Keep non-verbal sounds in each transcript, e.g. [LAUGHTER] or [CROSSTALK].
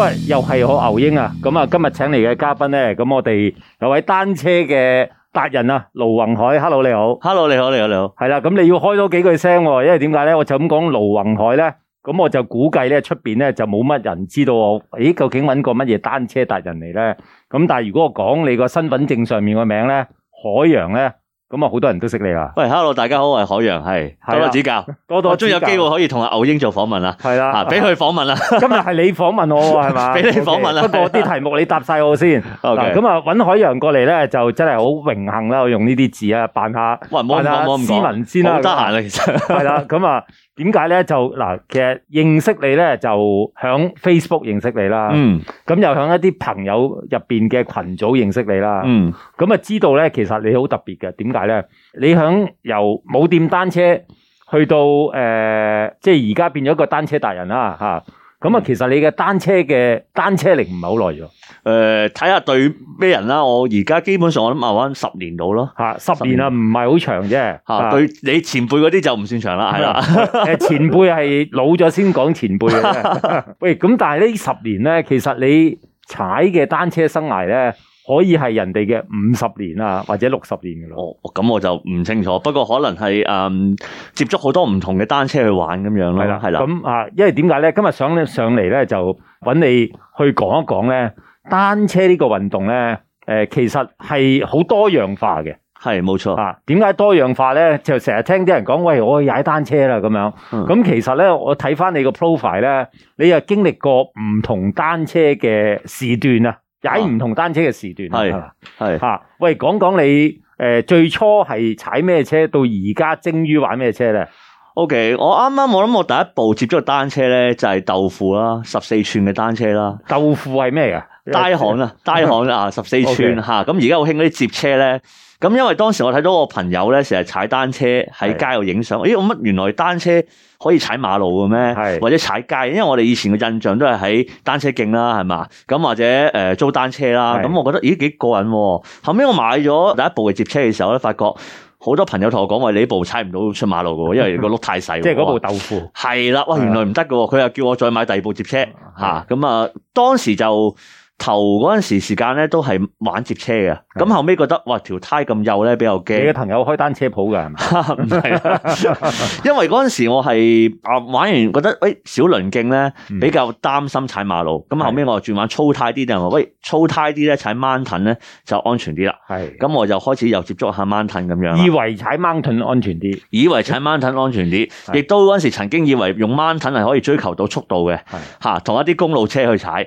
喂，又係我牛英啊！咁啊，今日請嚟嘅嘉賓咧，咁我哋有位單車嘅達人啊，盧宏海。Hello，你好。Hello，你好，你好，你好。係啦，咁你要開多幾句聲，因為點解咧？我就咁講盧宏海咧，咁我就估計咧，出邊咧就冇乜人知道我。誒，究竟揾過乜嘢單車達人嚟咧？咁但係如果我講你個身份證上面個名咧，海洋咧。咁啊，好多人都識你啦。喂，hello，大家好，我係海洋，係多多指教，多多，我終於有機會可以同阿牛英做訪問啦。係啦，吓俾佢訪問啦。今日係你訪問我啊，係嘛？畀你訪問啊。不過啲題目你答晒我先。OK，咁啊，搵海洋過嚟咧，就真係好榮幸啦。我用呢啲字啊，扮下扮下斯文先啦。唔得閒啊，其實係啦。咁啊。點解咧？就嗱，其實認識你咧，就喺 Facebook 認識你啦。嗯，咁又喺一啲朋友入邊嘅群組認識你啦。嗯，咁啊知道咧，其實你好特別嘅。點解咧？你響由冇掂單車去到誒、呃，即係而家變咗個單車達人啦嚇。啊咁啊，嗯、其實你嘅單車嘅單車齡唔係好耐咗。誒，睇下對咩人啦。我而家基本上我諗啊玩十年到咯。吓，十年啊，唔係好長啫。吓，對，你前輩嗰啲就唔算長啦，係啦。誒，前輩係老咗先講前輩。喂，咁但係呢十年咧，其實你踩嘅單車生涯咧。可以係人哋嘅五十年啊，或者六十年嘅咯。哦，咁我就唔清楚，不過可能係誒、嗯，接觸好多唔同嘅單車去玩咁樣咯。係啦的，係啦的。咁啊，因為點解咧？今日想上嚟咧，就揾你去講一講咧，單車呢個運動咧，誒，其實係好多樣化嘅。係，冇錯。啊，點解多樣化咧？就成日聽啲人講，喂，我踩單車啦，咁樣。咁、嗯、其實咧，我睇翻你個 profile 咧，你又經歷過唔同單車嘅時段啊。踩唔同單車嘅時段係係吓，喂，講講你誒、呃、最初係踩咩車，到而家精於玩咩車咧？OK，我啱啱我諗我第一步接觸單車咧就係豆腐啦，十四寸嘅單車啦。豆腐係咩噶？大行、呃、啊，大行啊，十四寸吓，咁而家好興嗰啲摺車咧。咁因為當時我睇到我朋友咧成日踩單車喺街度影相，咦我乜原來單車可以踩馬路嘅咩？是或者踩街？因為我哋以前嘅印象都係喺單車徑啦，係嘛？咁或者誒租單車啦？咁是我覺得咦幾過癮喎！後尾我買咗第一部嘅摺車嘅時候咧，發覺好多朋友同我講話， [LAUGHS] 你部踩唔到出馬路嘅，因為個轆太細。 [LAUGHS] [LAUGHS] 說即係嗰部豆腐。係啦，哇！嗯、原來唔得嘅，佢又叫我再買第二部摺車吓。咁啊，啊，當時就。頭嗰陣時時間咧都係玩接車嘅，咁後尾覺得哇，條胎咁幼咧比較驚。你嘅朋友開單車鋪噶係嘛？唔係、 [LAUGHS] 啊，因為嗰陣時我係啊玩完覺得，喂、欸，小輪徑咧比較擔心踩馬路，咁、嗯、後尾我又轉玩粗胎啲，就話喂粗胎啲咧踩 Mountain 咧就安全啲啦。係，咁我就開始又接觸下 Mountain 咁樣。以為踩 Mountain 安全啲，以為踩 Mountain 安全啲，亦 [LAUGHS] 是的 都嗰陣時曾經以為用 Mountain 係可以追求到速度嘅，吓同一啲公路車去踩，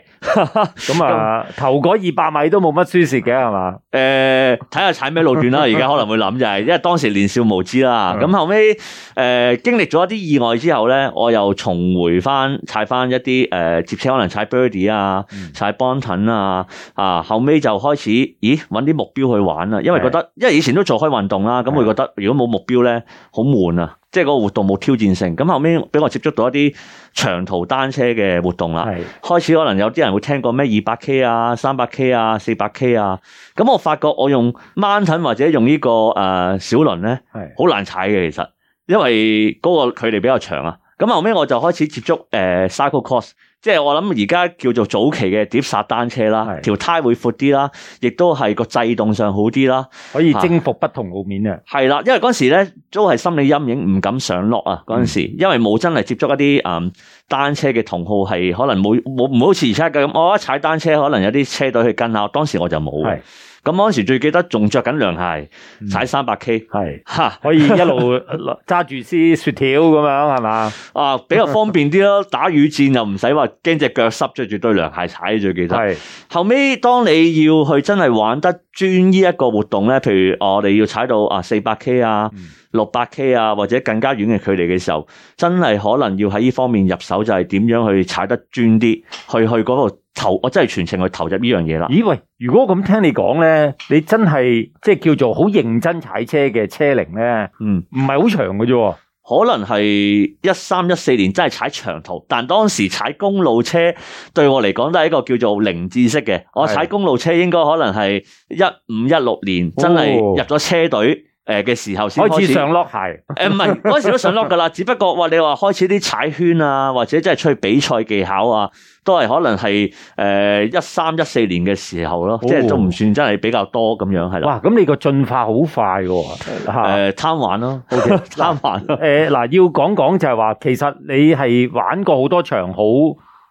咁 [LAUGHS] [LAUGHS] 啊。啊！頭嗰二百米都冇乜輸蝕嘅係嘛？誒，睇下、呃、踩咩路段啦。而家可能會諗就係，因為當時年少無知啦。咁 [LAUGHS] 後尾誒、呃、經歷咗一啲意外之後咧，我又重回翻踩翻一啲誒接車，可能踩 Birdie 啊，踩 Bonton 啊，啊後尾就開始咦揾啲目標去玩啦。因為覺得，是的 因為以前都做開運動啦，咁會覺得如果冇目標咧，好悶啊。即係嗰個活動冇挑戰性，咁後尾俾我接觸到一啲長途單車嘅活動啦。係，是的 開始可能有啲人會聽過咩二百 K 啊、三百 K 啊、四百 K 啊，咁我發覺我用 Mountain 或者用呢個誒小輪咧，係好是的 難踩嘅其實，因為嗰個距離比較長啊。咁後尾我就開始接觸誒、uh, cycle course。即係我諗而家叫做早期嘅碟煞單車啦，的條胎會闊啲啦，亦都係個制動上好啲啦，可以征服不同路面嘅。係啦、啊，因為嗰時呢都係心理陰影，唔敢上落啊。嗰陣時因為冇真係接觸一啲啊、嗯、單車嘅同好，係可能冇冇唔好似而家咁。我一踩單車，可能有啲車隊去跟下，當時我就冇。咁嗰時最記得仲着緊涼鞋，踩三百 K，係吓可以一路揸住支雪條咁樣，係嘛是？ [LAUGHS] [LAUGHS] 啊，比較方便啲咯。打雨戰又唔使話驚隻腳濕，着住對涼鞋踩最記得。係是後尾當你要去真係玩得專呢一個活動咧，譬如我哋要踩到啊四百 K 啊、六百 K 啊，或者更加遠嘅距離嘅時候，真係可能要喺呢方面入手，就係點樣去踩得專啲，去去嗰個。投我真係全程去投入呢樣嘢啦。咦喂，如果咁聽你講咧，你真係即係叫做好認真踩車嘅車齡咧，嗯，唔係好長嘅啫，可能係一三一四年真係踩長途，但當時踩公路車對我嚟講都係一個叫做零知識嘅。我踩公路車應該可能係一五一六年真係入咗車隊。的誒嘅時候先開始上落係，誒唔係嗰時都上落噶啦，只不過哇你話開始啲踩圈啊，或者即係出去比賽技巧啊，都係可能係誒一三一四年嘅時候咯，即係都唔算真係比較多咁樣係啦。哇 entend led mucho，咁你個進化好快嘅，誒貪玩咯，好貪玩。誒嗱，要講講就係話，其實你係玩過好多場好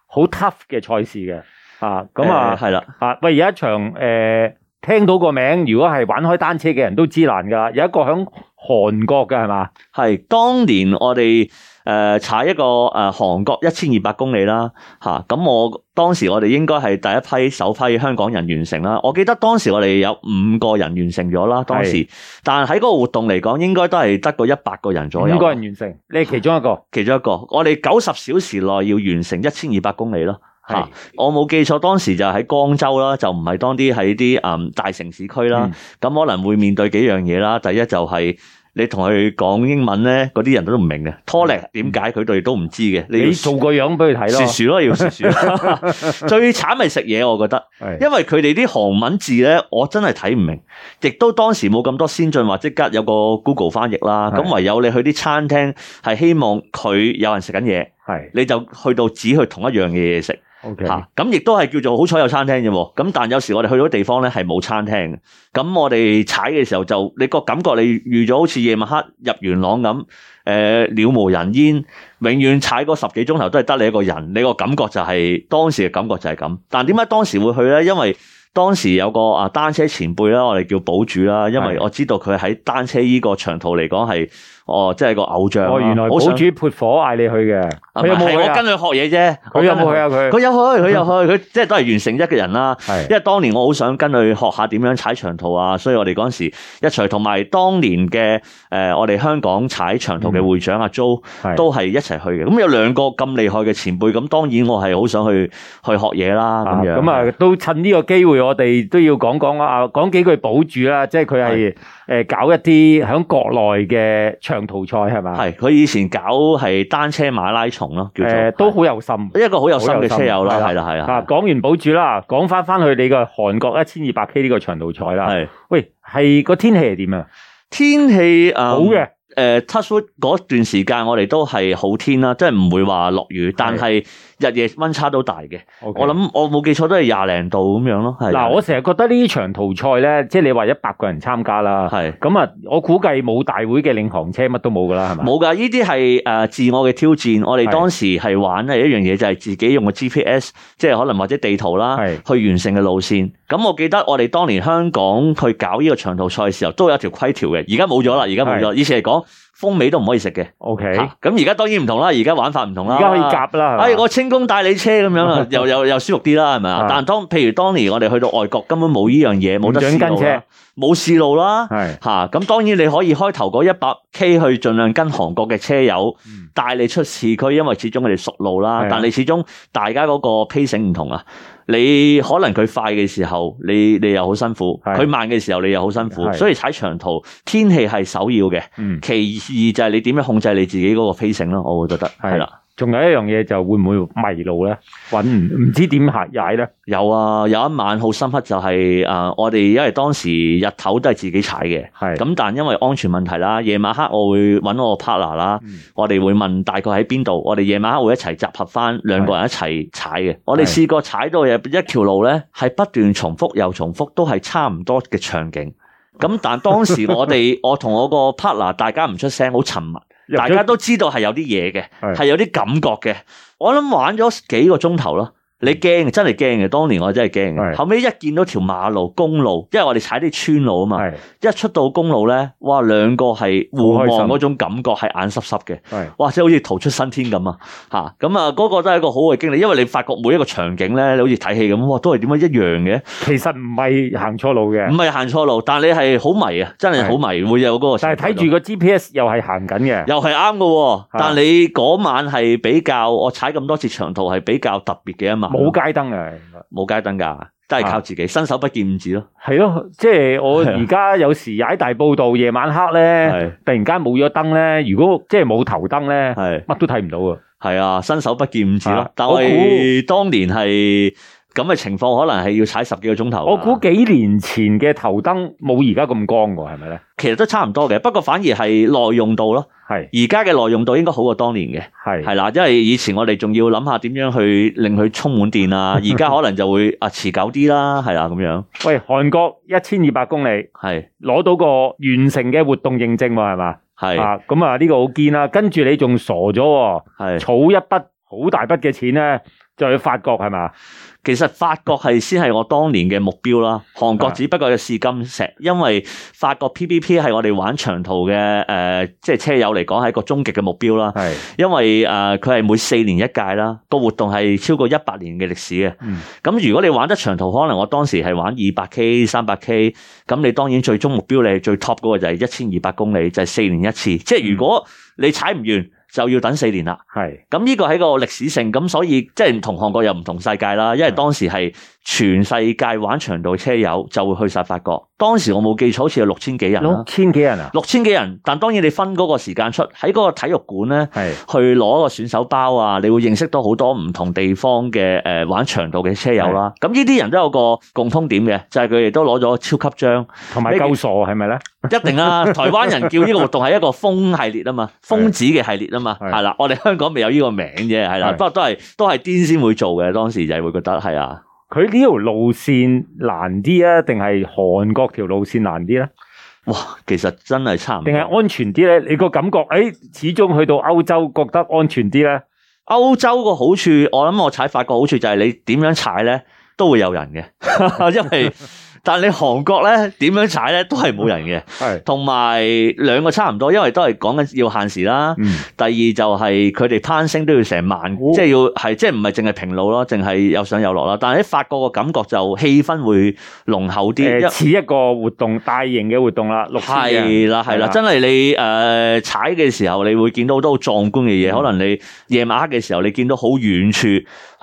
好 tough 嘅賽事嘅， [LAUGHS] 啊咁啊係啦，啊、就是、是的 喂，有一場誒。呃聽到個名，如果係玩開單車嘅人都知難㗎。有一個響韓國嘅係咪？係當年我哋誒踩一個誒、呃、韓國一千二百公里啦，嚇、啊、咁我當時我哋應該係第一批首批香港人完成啦。我記得當時我哋有五個人完成咗啦，當時。是但喺嗰個活動嚟講，應該都係得個一百個人左右。五個人完成，你係其中一個、啊。其中一個，我哋九十小時內要完成一千二百公里咯。吓， [NOISE] 我冇記錯，當時就喺江州啦，就唔係當啲喺啲誒大城市區啦，咁、嗯、可能會面對幾樣嘢啦。第一就係你同佢講英文咧，嗰啲人都唔明嘅，拖力點解佢哋都唔知嘅，你，你做個樣俾佢睇咯。説咯，要説 [LAUGHS] 最慘係食嘢，我覺得，因為佢哋啲韓文字咧，我真係睇唔明，亦都當時冇咁多先進或即刻有個 Google 翻譯啦。咁唯有你去啲餐廳，係希望佢有人食緊嘢，係是 你就去到指佢同一樣嘅嘢食。吓，咁 Okay.、啊、亦都係叫做好彩有餐廳嘅喎，咁但有時我哋去到啲地方咧係冇餐廳嘅，咁我哋踩嘅時候就你個感覺，你預咗好似夜晚黑入元朗咁，誒、呃、了無人煙，永遠踩個十幾鐘頭都係得你一個人，你個感覺就係、是、當時嘅感覺就係咁。但點解當時會去咧？因為當時有個啊單車前輩啦，我哋叫保主啦，因為我知道佢喺單車依個長途嚟講係。哦，即係個偶像我啊！哦、原來保主潑火嗌你去嘅？係我跟佢學嘢啫。佢有，有去啊，佢佢有，有、啊、有去，佢有去，佢 [LAUGHS] 即係都係完成一個人啦。係，因為當年我好想跟佢學下點樣踩長途啊，所以我哋嗰陣時一齊。同埋當年嘅誒，我哋香港踩長途嘅會長、嗯、阿 Jo 都係一齊去嘅。咁有兩個咁厲害嘅前輩，咁當然我係好想去去學嘢啦。咁樣咁啊，都趁呢個機會，我哋都要講講啊，講幾句保住啦，即係佢係。誒，搞一啲喺國內嘅長途賽係嘛？係，佢以前搞係單車馬拉松咯，叫做。呃、都好有心，是一個好有心嘅車友啦，係啦，係啦。啊，講完保主啦，講翻翻去你個韓國一千二百 k 呢個長途賽啦。係的，喂，係個天氣係點啊？天氣誒，呃、好嘅的，誒、呃，七月初嗰段時間我哋都係好天啦，即係唔會話落雨，的但係。日夜溫差都大嘅，Okay. 我諗我冇記錯都係廿零度咁樣咯。嗱，我成日覺得呢場途賽咧，即係你話一百個人參加啦，係咁啊，我估計冇大會嘅領航車乜都冇噶啦，係咪？冇噶，呢啲係誒自我嘅挑戰。我哋當時係玩咧一樣嘢就係、是、自己用個 GPS，即係可能或者地圖啦，的去完成嘅路線。咁我記得我哋當年香港去搞呢個長途賽嘅時候，都有一條規條嘅，而家冇咗啦，而家冇咗。的意思係講。風味都唔可以食嘅，OK，咁而家當然唔同啦，而家玩法唔同啦，而家可以夾啦，哎，我清功帶你車咁樣， [LAUGHS] 又又又舒服啲啦，係咪啊？ [LAUGHS] 但當譬如當年我哋去到外國，根本冇呢樣嘢，冇得跟車，冇試跟車 路啦，吓咁是、啊，當然你可以開頭嗰一百 K 去盡量跟韓國嘅車友帶、嗯、你出市區，因為始終佢哋熟路啦， [LAUGHS] 但你始終大家嗰個 pacing 唔同啊。你可能佢快嘅時候，你你又好辛苦；佢是的 慢嘅時候，你又好辛苦。是的 所以踩長途，天氣係首要嘅，嗯、其二就係你點樣控制你自己個 pacing 咯，我會覺得係啦。是的 仲有一樣嘢就會唔會迷路咧？搵唔唔知點行踩咧？有啊，有一晚好深刻就係、是、誒、呃，我哋因為當時日頭都係自己踩嘅，係咁是但因為安全問題啦，夜晚黑我會搵我 partner 啦、嗯，我哋會問大概喺邊度，我哋夜晚黑會一齊集合返，兩個人一齊踩嘅。是我哋試過踩到嘅一條路咧，係不斷重複又重複，都係差唔多嘅場景。咁但當時我哋 [LAUGHS] 我同我個 partner 大家唔出聲，好沉默。大家都知道係有啲嘢嘅，係是的 有啲感覺嘅。我諗玩咗幾個鐘頭咯。你驚，真係驚嘅。當年我真係驚嘅。是的 後尾一見到條馬路、公路，因為我哋踩啲村路啊嘛。是的 一出到公路咧，哇，兩個係互望嗰種感覺係眼濕濕嘅。哇，即係好似逃出生天咁是的 啊！嚇，咁啊，嗰個都係一個好嘅經歷，因為你發覺每一個場景咧，你好似睇戲咁，哇，都係點樣一樣嘅。其實唔係行錯路嘅，唔係行錯路，但係你係好迷啊，真係好迷。會有嗰個，但係睇住個 GPS 又係行緊嘅，又係啱嘅。但係你嗰晚係比較，我踩咁多次長途係比較特別嘅啊嘛。冇街燈嘅，冇街燈㗎，真係是的 靠自己，伸是的 手不見五指咯。係咯，即係我而家有時踩大埔道，夜晚黑咧，是的 突然間冇咗燈咧，如果即係冇頭燈咧，乜是的 都睇唔到啊。係啊，伸手不見五指咯。但係我哋當年係。咁嘅情況可能係要踩十幾個鐘頭。我估幾年前嘅頭燈冇而家咁光㗎，係咪咧？其實都差唔多嘅，不過反而係耐用度咯。係，而家嘅耐用度應該好過當年嘅。係，係啦，因為以前我哋仲要諗下點樣去令佢充滿電啊，而家可能就會啊持久啲啦，係啦咁樣。喂，韓國一千二百公里，係攞到個完成嘅活動認證喎，係嘛？係啊，咁啊呢個好堅啦。跟住你仲傻咗喎、啊，係儲一筆好大筆嘅錢咧，就去法國，係嘛？其實法國係先係我當年嘅目標啦，韓國只不過係試金石，因為法國 PBP 係我哋玩長途嘅，誒、呃、即係車友嚟講係一個終極嘅目標啦。係，因為誒佢係每四年一屆啦，個活動係超過一百年嘅歷史嘅。咁、嗯、如果你玩得長途，可能我當時係玩二百 K、三百 K，咁你當然最終目標你最 top 嗰個就係一千二百公里，就係、是、四年一次。即係如果你踩唔完。就要等四年啦，係是，咁呢個係個歷史性。咁所以即係同韓國又唔同世界啦，因為當時係全世界玩長途車友就會去曬法國。當時我冇記錯，好似有六千幾人咯，六千幾人啊？六千幾人，但當然你分嗰個時間出喺嗰個體育館咧，去攞個選手包啊，你會認識到好多唔同地方嘅誒玩長度嘅車友啦。咁呢啲人都有個共通點嘅，就係佢哋都攞咗超級章同埋夠傻，係咪咧？一定啊！台灣人叫呢個活動係一個瘋系列啊嘛，瘋子嘅系列啊嘛，係啦。我哋香港未有呢個名啫，係啦。不過都係都係癲先會做嘅，當時就係會覺得係啊。佢呢條路線難啲啊，定係韓國條路線難啲咧？哇，其實真係差唔多。定係安全啲咧。你個感覺，哎，始終去到歐洲覺得安全啲咧。歐洲個好處，我諗我踩法國好處就係你點樣踩咧都會有人嘅， [LAUGHS] [LAUGHS] 因為。但你韓國咧點樣踩咧都係冇人嘅。係，同埋兩個差唔多，因為都係講緊要限時啦。嗯、第二就係佢哋攀升都要成萬，哦、即係要係即係唔係淨係平路咯，淨係有上有落啦。但喺法國個感覺就氣氛會濃厚啲，似、呃、一個活動，大型嘅活動啦。係啦係啦，真係你誒踩嘅時候，你會見到好多好壯觀嘅嘢。嗯、可能你夜晚黑嘅時候，你見到好遠處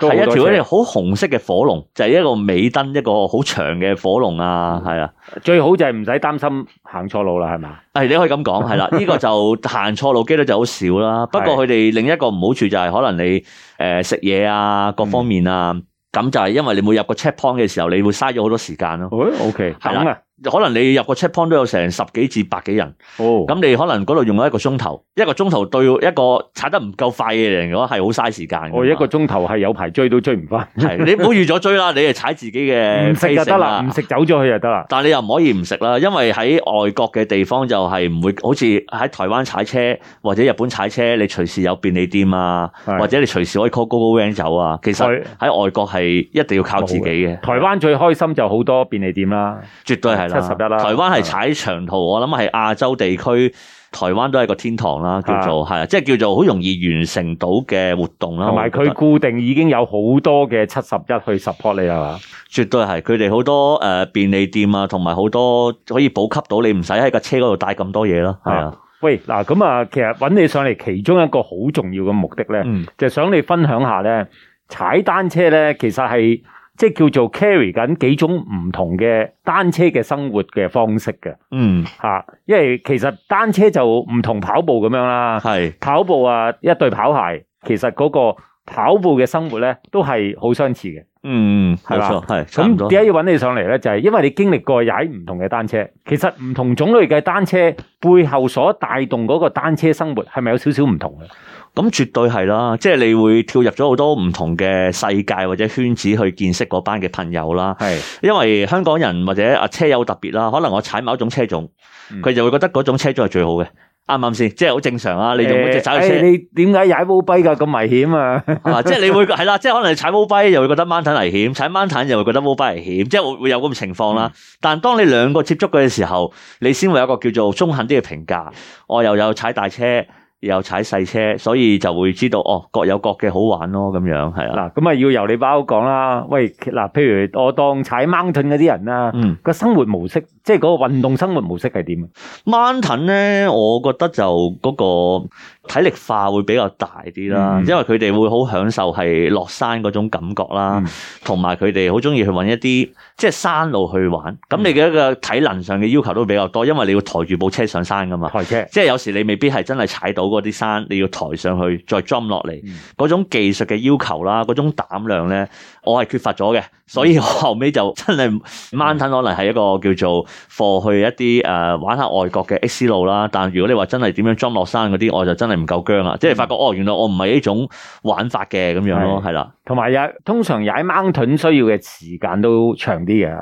係一條一條好紅色嘅火龍，就係、係、一個尾燈一個好長嘅火龍。就係啊，係啊、嗯，最好就係唔使擔心行錯路啦，係咪？誒，你可以咁講，係啦，呢、這個就行錯 [LAUGHS] 路幾率就好少啦。不過佢哋另一個唔好處就係，可能你誒、呃、食嘢啊，各方面啊，咁、嗯、就係因為你每入個 check point 嘅時候，你會嘥咗好多時間咯。誒、哦、，OK，係啦的。可能你入個 checkpoint 都有成十幾至百幾人，哦，咁你可能嗰度用咗一個鐘頭，一個鐘頭對一個踩得唔夠快嘅人嚟講係好嘥時間。哦，oh，一個鐘頭係有排追都追唔返。係， [LAUGHS] 你唔好預咗追啦，你係踩自己嘅。唔食就得啦，唔食走咗去就得啦。但係你又唔可以唔食啦，因為喺外國嘅地方就係唔會好似喺台灣踩車或者日本踩車，你隨時有便利店啊，是或者你隨時可以 call GoGoVan 走啊。其實喺外國係一定要靠自己嘅。台灣最開心就好多便利店啦、啊，絕對係。七十一啦！台灣係踩長途，係啊，我諗係亞洲地區，台灣都係個天堂啦，叫做係，即係叫做好容易完成到嘅活動啦。同埋佢固定已經有好多嘅七十一去 support 你係嘛？絕對係，佢哋好多誒便利店啊，同埋好多可以補給到你，唔使喺架車嗰度帶咁多嘢咯。係啊。喂，嗱咁啊，其實揾你上嚟其中一個好重要嘅目的咧，嗯、就係想你分享下咧，踩單車咧，其實係。即係叫做 carry 緊幾種唔同嘅單車嘅生活嘅方式嘅，嗯吓，因為其實單車就唔同跑步咁樣啦，係跑步啊一對跑鞋，其實嗰個跑步嘅生活咧都係好相似嘅，嗯，係啦，係，咁點解要揾你上嚟咧？就係因為你經歷過踩唔同嘅單車，其實唔同種類嘅單車背後所帶動嗰個單車生活，係咪有少少唔同嘅？咁絕對係啦，即係你會跳入咗好多唔同嘅世界或者圈子去見識嗰班嘅朋友啦。係是，因為香港人或者啊車友特別啦，可能我踩某一種車種，佢、嗯、就會覺得嗰種車種係最好嘅，啱唔啱先？即係好正常啊。欸、你誒、哎，車你點解踩 mobile 噶咁危險啊？ [LAUGHS] 啊即係你會係啦，即係可能你踩 mobile 又會覺得 mountain 危險，踩 mountain 又會覺得 mobile 危險，即係會有咁嘅情況啦。嗯、但係當，當你兩個接觸嘅時候，你先會有一個叫做中肯啲嘅評價。我又有踩大車。又踩細車，所以就會知道哦，各有各嘅好玩咯，咁樣係啊。嗱，咁啊要由你包講啦。喂，嗱，譬如我當踩 Mountain 嗰啲人啦，個、嗯、生活模式，即係嗰個運動生活模式係點？Mountain 咧，我覺得就嗰、那個。體力化會比較大啲啦，因為佢哋會好享受係落山嗰種感覺啦，同埋佢哋好中意去揾一啲即係山路去玩。咁你嘅一個體能上嘅要求都比較多，因為你要抬住部車上山㗎嘛，抬車，即係有時你未必係真係踩到嗰啲山，你要抬上去再 jump 落嚟，嗰、嗯、種技術嘅要求啦，嗰種膽量咧，我係缺乏咗嘅，所以我後尾就真係 mountain、嗯、可能係一個叫做 for 去一啲誒、呃、玩下外國嘅 XC 路啦。但如果你話真係點樣 jump 落山嗰啲，我就真。.唔夠薑啊！即係發覺哦，原來我唔係呢種玩法嘅，咁樣咯，係啦的。同埋啊，通常踩掹腿需要嘅時間都長啲嘅。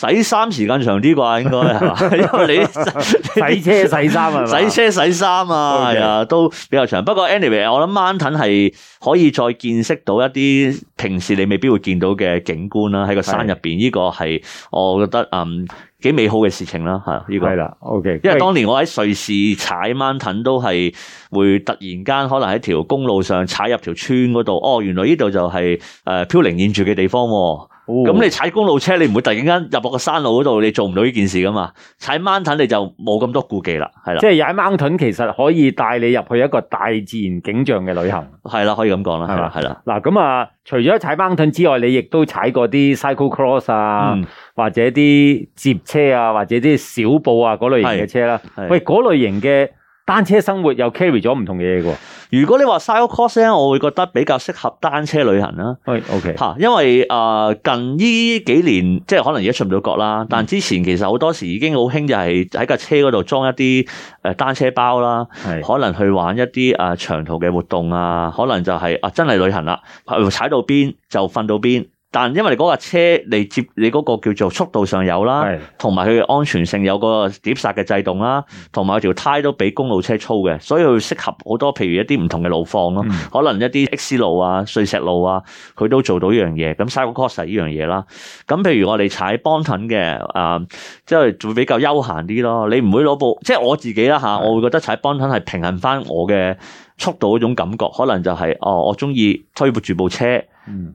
洗衫時間長啲啩，應該係嘛？因為你 [LAUGHS] 洗車洗、洗衫啊，洗車洗、洗衫啊，係啊，都比較長。不過 anyway，我諗 mountain 係可以再見識到一啲平時你未必會見到嘅景觀啦，喺個山入邊，呢的個係我覺得嗯幾美好嘅事情啦。係呢個係啦，OK。因為當年我喺瑞士踩 mountain 都係會突然間可能喺條公路上踩入條村嗰度，哦，原來呢度就係誒飄零燕住嘅地方，啊。咁、哦、你踩公路車，你唔會突然間入落個山路嗰度，你做唔到呢件事噶嘛？踩 mountain 你就冇咁多顧忌啦，係啦。即係踩 mountain 其實可以帶你入去一個大自然景象嘅旅行，係啦，可以咁講啦，係嘛的，係啦。嗱咁啊，啊，除咗踩 mountain 之外，你亦都踩過啲 cycle cross 啊，嗯、或者啲摺車啊，或者啲小步啊嗰類型嘅車啦。喂，嗰類型嘅。單車生活又 carry 咗唔同嘅嘢㗎喎。如果你話 side course 咧，我會覺得比較適合單車旅行啦。係 OK 嚇，因為誒、呃、近呢幾年即係可能而家出唔到國啦，但之前其實好多時已經好興就係喺架車嗰度裝一啲誒單車包啦，是可能去玩一啲誒長途嘅活動啊，可能就係、是、啊真係旅行啦，踩到邊就瞓到邊。但因為嗰架車嚟接你嗰個叫做速度上有啦，同埋佢安全性有個碟剎嘅制動啦，同埋條胎都比公路車粗嘅，所以佢適合好多，譬如一啲唔同嘅路況咯，嗯、可能一啲 X 路啊、碎石路啊，佢都做到呢樣嘢。咁三個 course 呢樣嘢啦，咁譬如我哋踩 Brompton 嘅、呃，啊，即係會比較休閒啲咯。你唔會攞部，即係我自己啦吓，我會覺得踩 Brompton 係平衡翻我嘅速度嗰種感覺，可能就係、是、哦，我中意推住部車。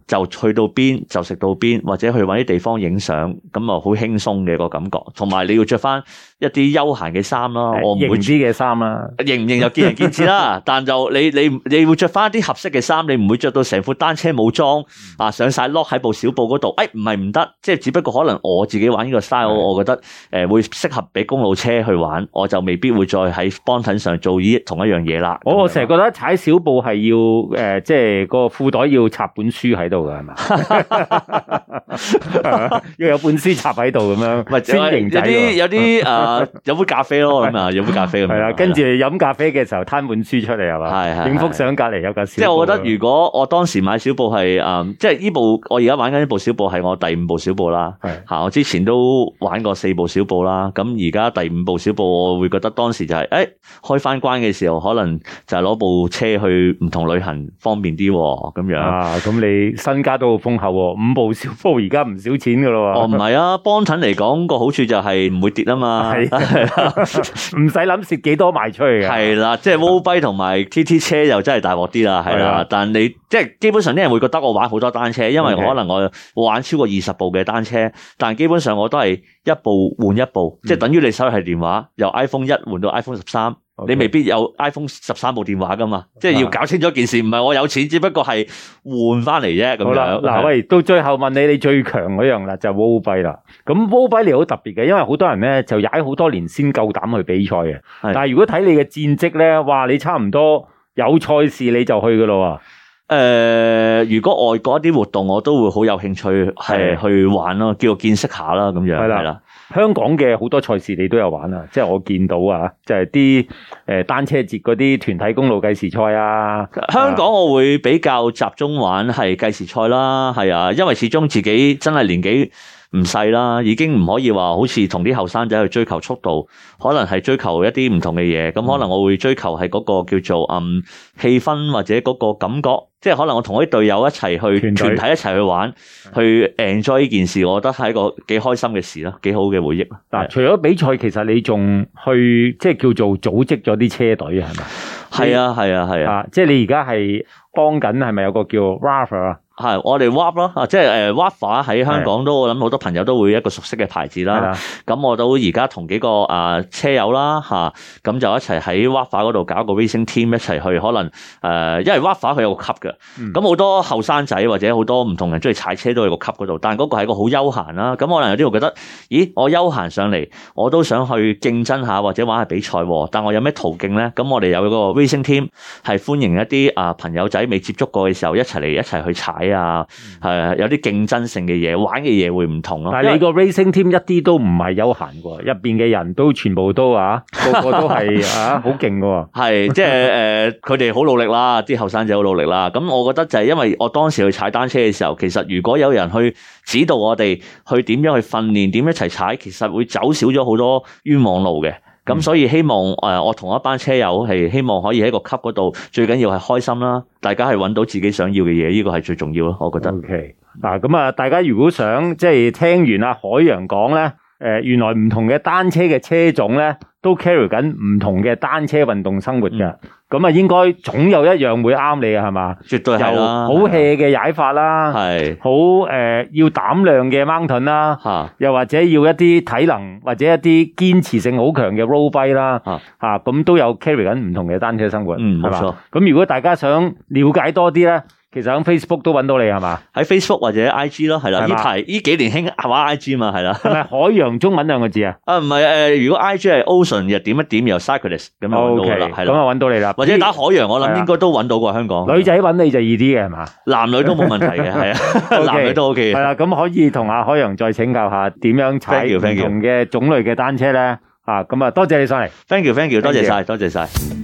就去到邊就食到邊，或者去揾啲地方影相，咁啊好輕鬆嘅個感覺。同埋你要着翻一啲休閒嘅衫啦，我唔會知嘅衫啦，型唔型就見仁見智啦。 [LAUGHS] 但就你你你會着翻啲合適嘅衫，你唔會着到成副單車武裝啊，上晒 lock 喺部小布嗰度。誒唔係唔得，即係只不過可能我自己玩呢個 style，我覺得誒會適合俾公路車去玩，我就未必會再喺 Brompton 上做依同一我樣嘢啦。我成日覺得踩小布係要誒、呃，即係個褲袋要插本書。書喺度㗎係嘛，要有本書插喺度咁樣，唔係 [LAUGHS] 有啲有啲誒，有、, [LAUGHS] 呃、有杯咖啡咯咁啊，有杯 [LAUGHS] [LAUGHS] [LAUGHS] 咖啡咁，係啦，跟住飲咖啡嘅時候攤本書出嚟係嘛，係係 [LAUGHS] [LAUGHS] 對，影幅相隔籬有架書。 [LAUGHS] 即係我覺得如果我當時買小布係誒，即係呢部我而家玩緊呢部小布係我第五部小布啦，吓的 [LAUGHS] 我之前都玩過四部小布啦，咁而家第五部小布我會覺得當時就係、是、誒、哎、開翻關嘅時候可能就係攞部車去唔同旅行方便啲咁樣啊咁。你身家都好豐厚喎，五部小鋪而家唔少錢噶咯喎。哦，唔係啊，幫襯嚟講個好處就係唔會跌啊嘛，係啊的，唔使諗蝕幾多賣出去㗎。係啦，即係摩拜同埋 T T 車又真係大鑊啲啦，係啦。的的但你即係基本上啲人會覺得我玩好多單車，因為我可能我玩超過二十部嘅單車，但基本上我都係一部換一部，嗯、即係等於你手提電話由 iPhone 一換到 iPhone 十三。你未必有 iPhone 十三部電話噶嘛？即係要搞清楚一件事，唔係我有錢，只不過係換翻嚟啫。咁樣嗱，喂的，到最後問你，你最強嗰樣啦，就波比啦。咁波比你好特別嘅，因為好多人咧就踩好多年先夠膽去比賽嘅。的但係如果睇你嘅戰績咧，哇，你差唔多有賽事你就去噶啦。誒、呃，如果外國一啲活動，我都會好有興趣係去玩咯，的叫我見識下啦，咁樣係啦。的香港嘅好多賽事你都有玩啊，即係我見到啊，就係啲誒單車節嗰啲團體公路計時賽啊。香港我會比較集中玩係計時賽啦，係啊，因為始終自己真係年紀，唔細啦，已經唔可以話好似同啲後生仔去追求速度，可能係追求一啲唔同嘅嘢。咁可能我會追求係嗰個叫做嗯氣氛或者嗰個感覺，即係可能我同啲隊友一齊去團，隊團體一齊去玩，去 enjoy 呢件事，我覺得係一個幾開心嘅事咯，幾好嘅回憶。嗱、嗯，是除咗比賽，其實你仲去即係叫做組織咗啲車隊係咪？係啊，係啊，係啊，啊即係你而家係幫緊係咪有個叫 Rover 啊？係，我哋 Warp 咯，啊，即係誒 Warp 喺香港都的我諗好多朋友都會一個熟悉嘅牌子啦。咁的我都而家同幾個啊、呃、車友啦，吓、啊、咁就一齊喺 Warp 嗰度搞個 Racing Team 一齊去。可能誒、呃，因為 Warp 佢有個級嘅，咁好、嗯、多後生仔或者好多唔同人中意踩車都喺個級嗰度。但係嗰個係一個好悠閒啦。咁可能有啲人覺得，咦，我悠閒上嚟，我都想去競爭下或者玩下比賽。但我有咩途徑咧？咁我哋有個 Racing Team 係歡迎一啲啊朋友仔未接觸過嘅時候一齊嚟一齊去踩。一一啊，係、嗯、有啲競爭性嘅嘢，玩嘅嘢會唔同咯。但係你個 racing team 一啲都唔係休閒喎，入邊嘅人都全部都啊，個個都係啊，好勁嘅喎。係即係誒，佢哋好努力啦，啲後生仔好努力啦。咁我覺得就係因為我當時去踩單車嘅時候，其實如果有人去指導我哋去點樣去訓練，點樣一齊踩，其實會走少咗好多冤枉路嘅。咁所以希望誒、呃、我同一班車友係希望可以喺個級嗰度，最緊要係開心啦，大家係揾到自己想要嘅嘢，呢個係最重要咯，我覺得。O.K. 嗱，咁啊，大家如果想即係聽完阿海洋講咧，誒、呃、原來唔同嘅單車嘅車種咧，都 carry 緊唔同嘅單車運動生活㗎。嗯咁啊，應該總有一樣會啱你嘅係嘛？絕對有！好 hea 嘅踩法啦，好誒的、呃、要膽量嘅 Mountain 啦，又或者要一啲體能或者一啲堅持性好強嘅 Road Bike 啦，嚇咁都有 carry 緊唔同嘅單車生活，嗯，冇吧錯。咁如果大家想了解多啲咧？其實喺 Facebook 都揾到你係嘛？喺 Facebook 或者 IG 咯，係啦。依題依幾年興玩 IG 嘛，係啦。係咪海洋中文兩個字啊？啊，唔係如果 IG 係 Ocean 又點一點又 cyclical 咁啊，揾到噶啦，係啦。揾到你啦。或者打海洋，我諗應該都揾到過香港。女仔揾你就易啲嘅係嘛？男女都冇問題嘅，係啊，男女都 OK。係啦，咁可以同阿海洋再請教下點樣踩唔同嘅種類嘅單車呢？啊，咁多謝你上嚟，thank you thank you，多謝晒，多謝晒。